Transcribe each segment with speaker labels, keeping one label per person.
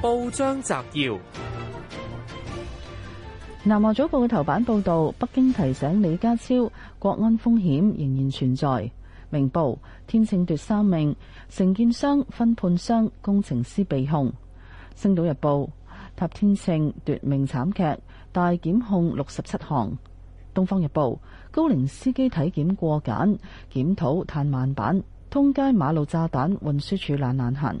Speaker 1: 報章摘要：南華早報嘅頭版報道，北京提醒李家超，國安風險仍然存在。明報天秤奪三命，承建商、分判商、工程師被控。星島日報塔天秤奪命慘劇，大檢控六十七項。東方日報高齡司機體檢過簡，檢討嘆慢板，通街馬路炸彈，運輸處懶難行。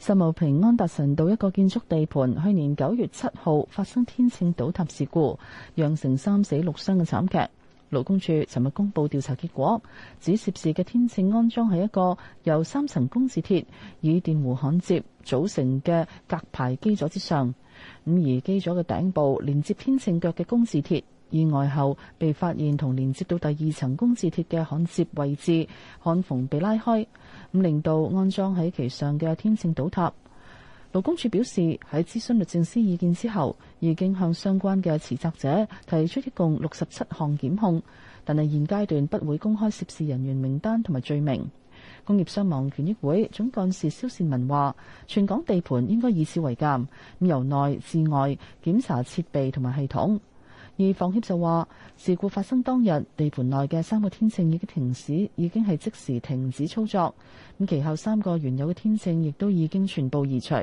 Speaker 1: 秀茂坪安達臣道一個建築地盤，去年九月七號發生天秤倒塌事故，釀成三死六傷嘅慘劇。勞工處尋日公布調查結果，指涉事嘅天秤安裝喺一個由三層工字鐵以電弧焊接組成嘅隔排基座之上，咁而基座嘅頂部連接天秤腳嘅工字鐵。意外後被發現同連接到第二層工字鐵嘅焊接位置焊縫被拉開，咁令到安裝喺其上嘅天線倒塌。勞工處表示喺諮詢律政司意見之後，已經向相關嘅持責者提出一共六十七項檢控，但係現階段不會公開涉事人員名單同埋罪名。工業傷亡權益會總幹事蕭善文話，全港地盤應該以此為鑑，咁由內至外檢查設備同埋系統。而房協就話，事故發生當日，地盤內嘅三個天秤已經停駛，已經係即時停止操作。咁其後三個原有嘅天秤亦都已經全部移除。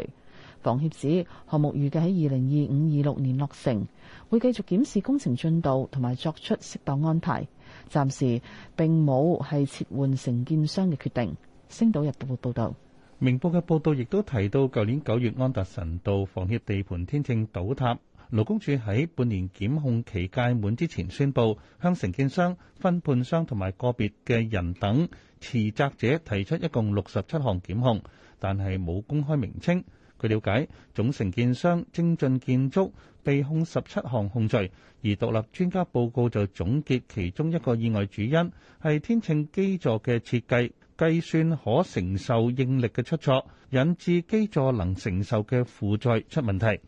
Speaker 1: 房協指項目預計喺二零二五、二六年落成，會繼續檢視工程進度同埋作出適當安排。暫時並冇係撤換承建商嘅決定。星島日報報道：
Speaker 2: 明報嘅報導亦都提到，舊年九月安達臣道房協地盤天秤倒塌。勞工處喺半年檢控期屆滿之前宣佈，向承建商、分判商同埋個別嘅人等持責者提出一共六十七項檢控，但係冇公開名稱。據了解，總承建商精進建築被控十七項控罪，而獨立專家報告就總結其中一個意外主因係天秤基座嘅設計計算可承受應力嘅出錯，引致基座能承受嘅負載出問題。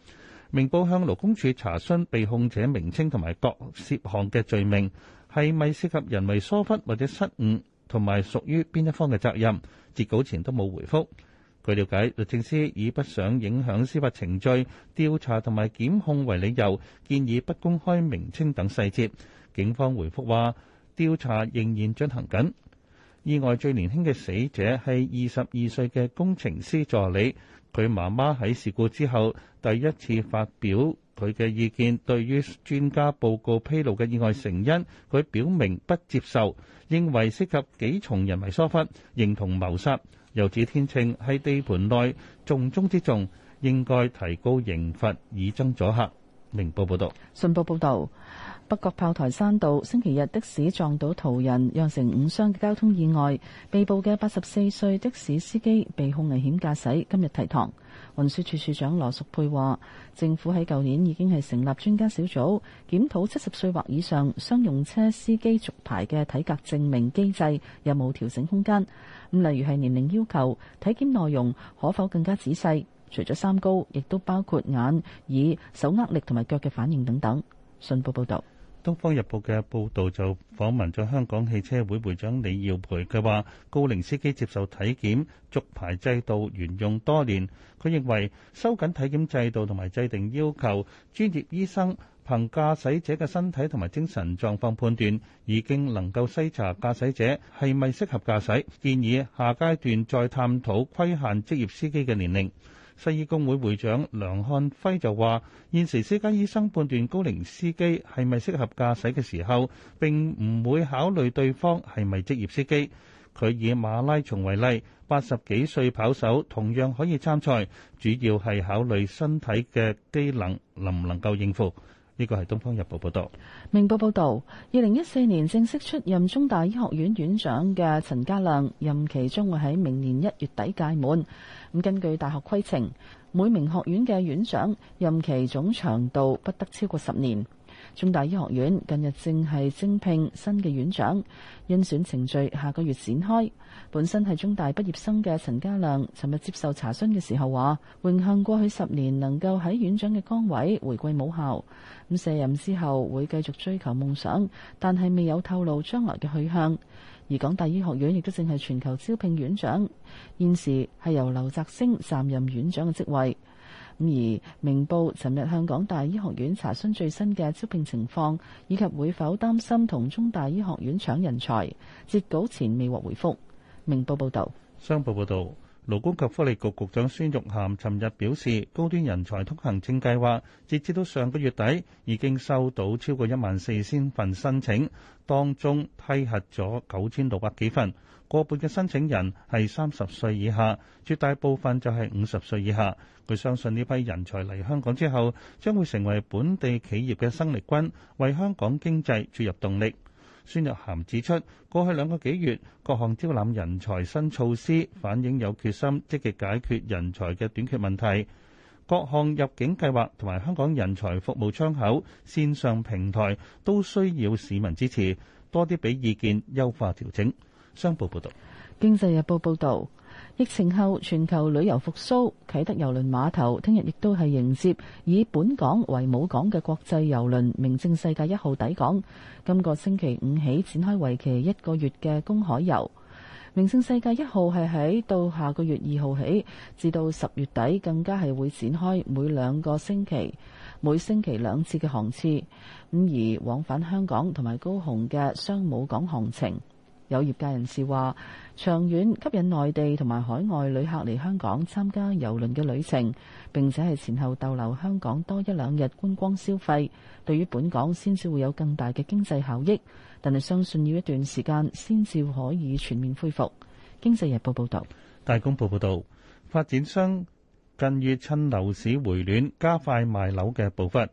Speaker 2: 明報向勞工處查詢被控者名稱同埋各涉項嘅罪名，係咪涉及人為疏忽或者失誤，同埋屬於邊一方嘅責任？截稿前都冇回覆。據了解，律政司以不想影響司法程序調查同埋檢控為理由，建議不公開名稱等細節。警方回覆話，調查仍然進行緊。意外最年輕嘅死者係二十二歲嘅工程師助理。佢媽媽喺事故之後第一次發表佢嘅意見，對於專家報告披露嘅意外成因，佢表明不接受，認為涉及幾重人為疏忽，認同謀殺，又指天秤係地盤內重中之重，應該提高刑罰以增阻嚇。明報報道。
Speaker 1: 信報報導。中文北角炮台山道星期日的士撞到途人，釀成五傷嘅交通意外。被捕嘅八十四歲的士司機被控危險駕駛，今日提堂。運輸署署長羅淑佩話：政府喺舊年已經係成立專家小組，檢討七十歲或以上商用車司機續牌嘅體格證明機制有冇調整空間。咁例如係年齡要求、體檢內容，可否更加仔細？除咗三高，亦都包括眼、耳、手握力同埋腳嘅反應等等。信報報道。
Speaker 2: 《東方日報》嘅報導就訪問咗香港汽車會會長李耀培，佢話高齡司機接受體檢，續牌制度沿用多年，佢認為收緊體檢制度同埋制定要求，專業醫生憑駕駛者嘅身體同埋精神狀況判斷，已經能夠篩查駕駛者係咪適合駕駛，建議下階段再探討規限職業司機嘅年齡。西醫工會會長梁漢輝就話：現時私家醫生判斷高齡司機係咪適合駕駛嘅時候，並唔會考慮對方係咪職業司機。佢以馬拉松為例，八十幾歲跑手同樣可以參賽，主要係考慮身體嘅機能能唔能夠應付。呢個係東方日報報道。
Speaker 1: 明報報道，二零一四年正式出任中大醫學院院長嘅陳家亮任期將會喺明年一月底屆滿。咁根據大學規程，每名學院嘅院長任期總長度不得超過十年。中大醫學院近日正係徵聘新嘅院長，甄選程序下個月展開。本身係中大畢業生嘅陳家亮，尋日接受查詢嘅時候話：榮幸過去十年能夠喺院長嘅崗位回歸母校。咁卸任之後會繼續追求夢想，但係未有透露將來嘅去向。而港大醫學院亦都正係全球招聘院長，現時係由劉澤星擔任院長嘅職位。而明報尋日向港大醫學院查詢最新嘅招聘情況，以及會否擔心同中大醫學院搶人才，截稿
Speaker 2: 前未獲回覆。明報報導，商報報導，勞工及福利局局，局長孫玉菡尋日表示，高端人才通行證計劃截至到上個月底，已經收到超過一萬四千份申請，當中批核咗九千六百幾份。過半嘅申請人係三十歲以下，絕大部分就係五十歲以下。佢相信呢批人才嚟香港之後，將會成為本地企業嘅生力軍，為香港經濟注入動力。孫玉涵指出，過去兩個幾月，各項招攬人才新措施反映有決心，積極解決人才嘅短缺問題。各項入境計劃同埋香港人才服務窗口、線上平台都需要市民支持，多啲俾意見，優化調整。商報報道，
Speaker 1: 《經濟日報》報道，疫情後全球旅遊復蘇，啟德郵輪碼頭聽日亦都係迎接以本港為母港嘅國際郵輪“名勝世界一號”抵港。今個星期五起展開為期一個月嘅公海遊，“名勝世界一號”係喺到下個月二號起至到十月底，更加係會展開每兩個星期、每星期兩次嘅航次，咁而往返香港同埋高雄嘅雙母港航程。有業界人士話：長遠吸引內地同埋海外旅客嚟香港參加郵輪嘅旅程，並且係前後逗留香港多一兩日觀光消費，對於本港先至會有更大嘅經濟效益。但係相信要一段時間先至可以全面恢復。經濟日報報道，
Speaker 2: 大公報報道，發展商近月趁樓市回暖，加快賣樓嘅步伐。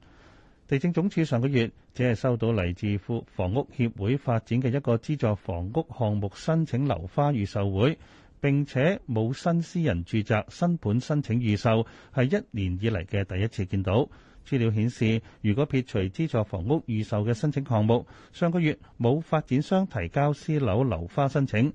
Speaker 2: 地政總署上個月只係收到嚟自富房屋協會發展嘅一個資助房屋項目申請樓花預售會，並且冇新私人住宅新盤申請預售，係一年以嚟嘅第一次見到。資料顯示，如果撇除資助房屋預售嘅申請項目，上個月冇發展商提交私樓樓花申請，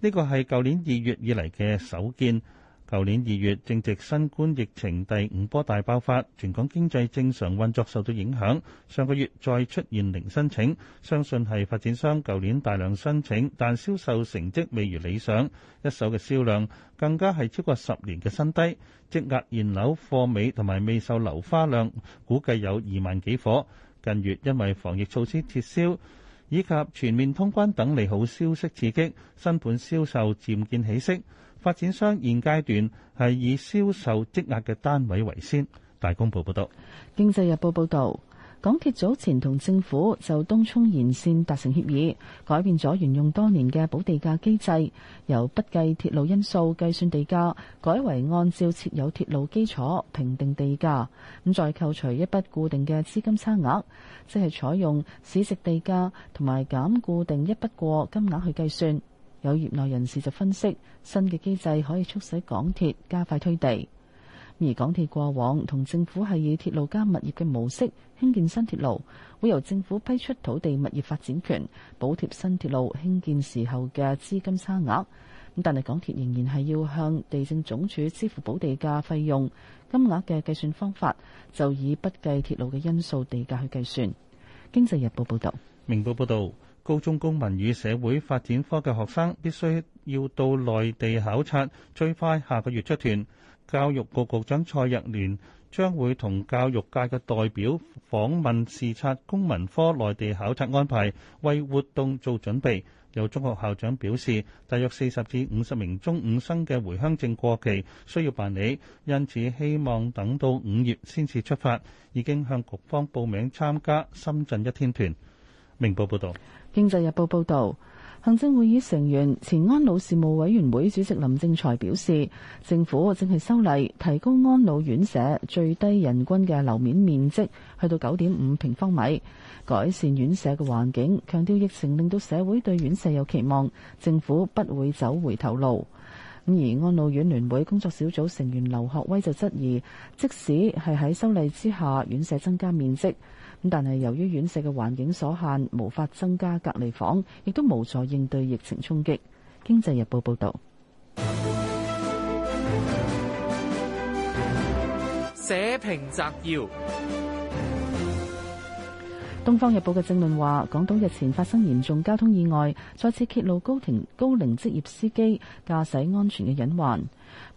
Speaker 2: 呢個係舊年二月以嚟嘅首見。舊年二月正值新冠疫情第五波大爆發，全港經濟正常運作受到影響。上個月再出現零申請，相信係發展商舊年大量申請，但銷售成績未如理想。一手嘅銷量更加係超過十年嘅新低，積壓現樓貨尾同埋未售樓花量估計有二萬幾夥。近月因為防疫措施撤銷以及全面通關等利好消息刺激，新盤銷售漸見起色。發展商現階段係以銷售積壓嘅單位為先。大公報報道：
Speaker 1: 《經濟日報》報道，港鐵早前同政府就東涌延線達成協議，改變咗沿用多年嘅補地價機制，由不計鐵路因素計算地價，改為按照設有鐵路基礎評定地價，咁再扣除一筆固定嘅資金差額，即係採用市值地價同埋減固定一筆過金額去計算。有業內人士就分析，新嘅機制可以促使港鐵加快推地。而港鐵過往同政府係以鐵路加物業嘅模式興建新鐵路，會由政府批出土地物業發展權，補貼新鐵路興建時候嘅資金差額。咁但係港鐵仍然係要向地政總署支付補地價費用，金額嘅計算方法就以不計鐵路嘅因素地價去計算。經濟日報報道。
Speaker 2: 明報報道。高中公民與社會發展科嘅學生必須要到內地考察，最快下個月出團。教育局局長蔡若蓮將會同教育界嘅代表訪問視察公民科內地考察安排，為活動做準備。有中學校長表示，大約四十至五十名中五生嘅回鄉證過期，需要辦理，因此希望等到五月先至出發。已經向局方報名參加深圳一天團。明報報道。
Speaker 1: 經濟日報報導，行政會議成員前安老事務委員會主席林正財表示，政府正係修例提高安老院舍最低人均嘅樓面面積，去到九點五平方米，改善院舍嘅環境。強調疫情令到社會對院舍有期望，政府不會走回頭路。而安老院聯會工作小組成員劉學威就質疑，即使係喺修例之下，院舍增加面積，咁但係由於院舍嘅環境所限，無法增加隔離房，亦都無助應對疫情衝擊。經濟日報報道。
Speaker 2: 社評摘要。
Speaker 1: 《東方日報》嘅政論話，港島日前發生嚴重交通意外，再次揭露高停高齡職業司機駕駛安全嘅隱患。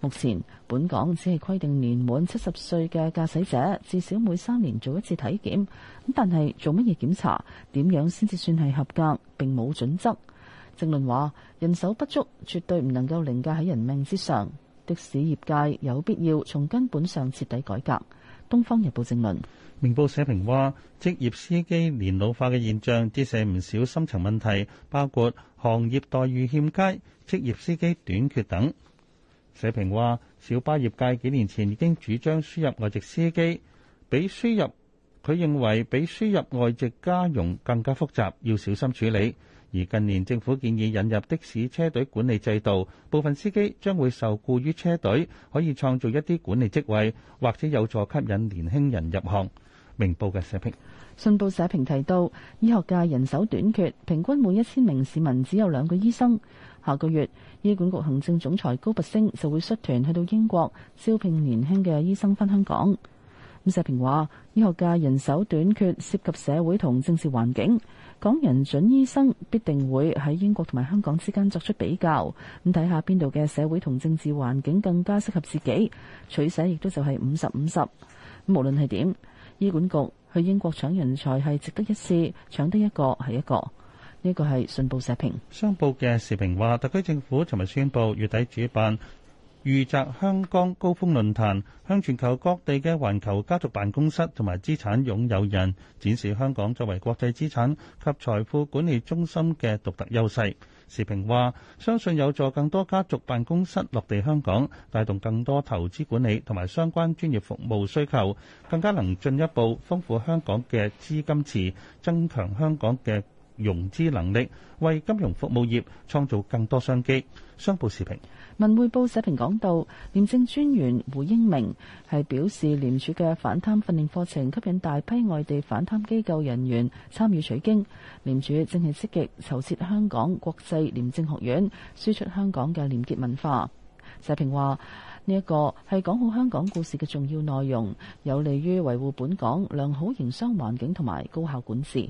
Speaker 1: 目前本港只係規定年滿七十歲嘅駕駛者至少每三年做一次體檢，咁但係做乜嘢檢查，點樣先至算係合格，並冇準則。政論話，人手不足，絕對唔能夠凌駕喺人命之上。的士業界有必要從根本上徹底改革。《東方
Speaker 2: 日報》政論。明報社評話，職業司機年老化嘅現象折射唔少深層問題，包括行業待遇欠佳、職業司機短缺等。社評話，小巴業界幾年前已經主張輸入外籍司機，比輸入，佢認為比輸入外籍家傭更加複雜，要小心處理。而近年政府建議引入的士車隊管理制度，部分司機將會受雇於車隊，可以創造一啲管理職位，或者有助吸引年輕人入行。明報嘅社評，
Speaker 1: 信報社評提到，醫學界人手短缺，平均每一千名市民只有兩個醫生。下個月醫管局行政總裁高拔陞就會率團去到英國招聘年輕嘅醫生返香港。咁社評話，醫學界人手短缺涉及社會同政治環境，港人準醫生必定會喺英國同埋香港之間作出比較，咁睇下邊度嘅社會同政治環境更加適合自己取捨，亦都就係五十五十。無論係點。醫管局去英國搶人才係值得一試，搶得一個係一個。呢個係信報社評，商
Speaker 2: 報嘅時評話，特區政府尋日宣布月底主辦。預擲香港高峯論壇，向全球各地嘅環球家族辦公室同埋資產擁有人展示香港作為國際資產及財富管理中心嘅獨特優勢。時評話：相信有助更多家族辦公室落地香港，帶動更多投資管理同埋相關專業服務需求，更加能進一步豐富香港嘅資金池，增強香港嘅融資能力，為金融服務業創造更多商機。商報時評。
Speaker 1: 文匯報社評講到，廉政專員胡英明係表示，廉署嘅反貪訓練課程吸引大批外地反貪機構人員參與取經，廉署正係積極籌設香港國際廉政學院，輸出香港嘅廉潔文化。社評話呢一個係講好香港故事嘅重要內容，有利於維護本港良好營商環境同埋高效管治。